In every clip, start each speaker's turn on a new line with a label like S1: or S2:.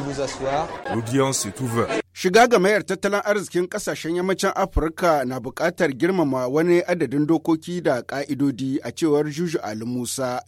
S1: pouvez vous asseoir. L'audience est ouverte. Shiga mayar tattalin arzikin kasashen yammacin Afirka na buƙatar girmama wani adadin dokoki da ƙa'idodi a cewar Juju Ali Musa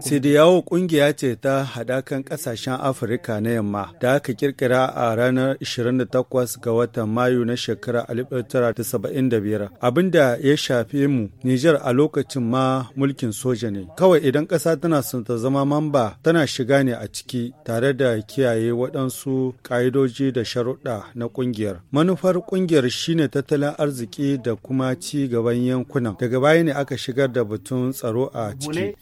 S2: CDAO kungiya ce ta hadakan kasashen Afirka na yamma da aka kirkira a ranar 28 ga watan Mayu na shekarar 1975. Abin da ya shafe mu, Nijar a lokacin ma mulkin soja ne. Kawai idan ƙasa tana son ta zama mamba tana shiga ne a ciki tare da kiyaye waɗansu ƙa'idoji da sharuɗa na ƙungiyar. Manufar ƙungiyar shine tattalin arziki da kuma ci gaban yankunan, Daga baya ne aka shigar da batun tsaro a ciki.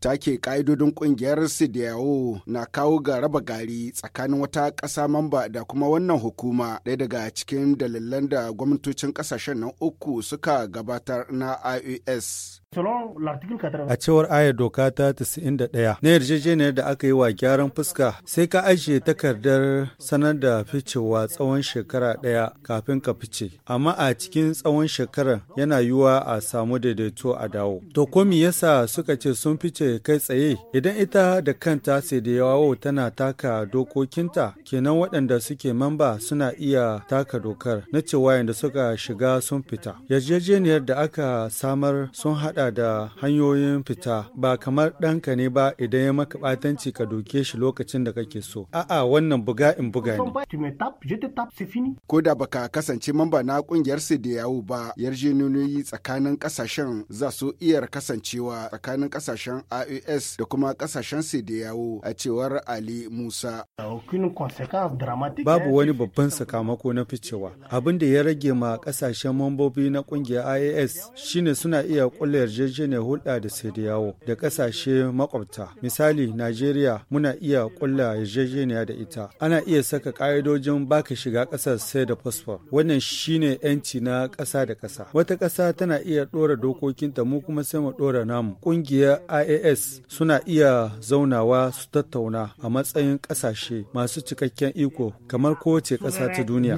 S1: Take ka'idodin kungiyar yawo na kawo ga raba gari tsakanin wata ƙasa mamba da kuma wannan hukuma ɗaya daga cikin dalilan da gwamnatocin ƙasashen nan uku suka gabatar na IOS.
S2: A cewar ayar doka ta ɗaya, na yarjejeniyar da aka yi wa gyaran fuska sai ka ajiye takardar sanar da ficewa tsawon shekara ɗaya kafin ka fice, amma a cikin tsawon shekarar yana yiwuwa a samu daidaito a dawo. To ko me yasa suka ce sun fice kai tsaye idan ita da kanta sai da yawo tana taka dokokinta kenan waɗanda suke mamba suna iya taka dokar na cewa yadda suka shiga sun fita. Yarjejeniyar da aka samar sun haɗa hada da hanyoyin fita ba kamar ɗanka ne ba idan ya maka ɓatanci ka doke shi lokacin da kake so. A'a wannan buga in buga
S1: ne. Ko da baka kasance mamba na ƙungiyar yawo ba yarjejeniyoyi tsakanin ƙasashen za su iya kasancewa tsakanin ƙasashen IOS da kuma ƙasashen yawo a cewar Ali Musa. Babu wani
S2: babban sakamako na ficewa. Abin da ya rage ma ƙasashen mambobi na ƙungiyar IAS shine suna iya ƙulla yarjejeniyar hulɗa da sai da yawo da ƙasashe makwabta. Misali, Najeriya muna iya ƙulla yarjejeniya da ita. Ana iya saka ƙa'idojin baka shiga ƙasar sai da fosfor Wannan shine 'yanci na ƙasa da ƙasa. Wata ƙasa tana iya ɗora dokokinta mu kuma sai mu ɗora namu. Ƙungiyar IAS suna iya zaunawa su tattauna a matsayin ƙasashe masu cikakken iko
S1: kamar kowace ƙasa ta duniya.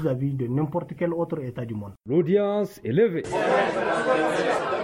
S1: Rodias Eleve.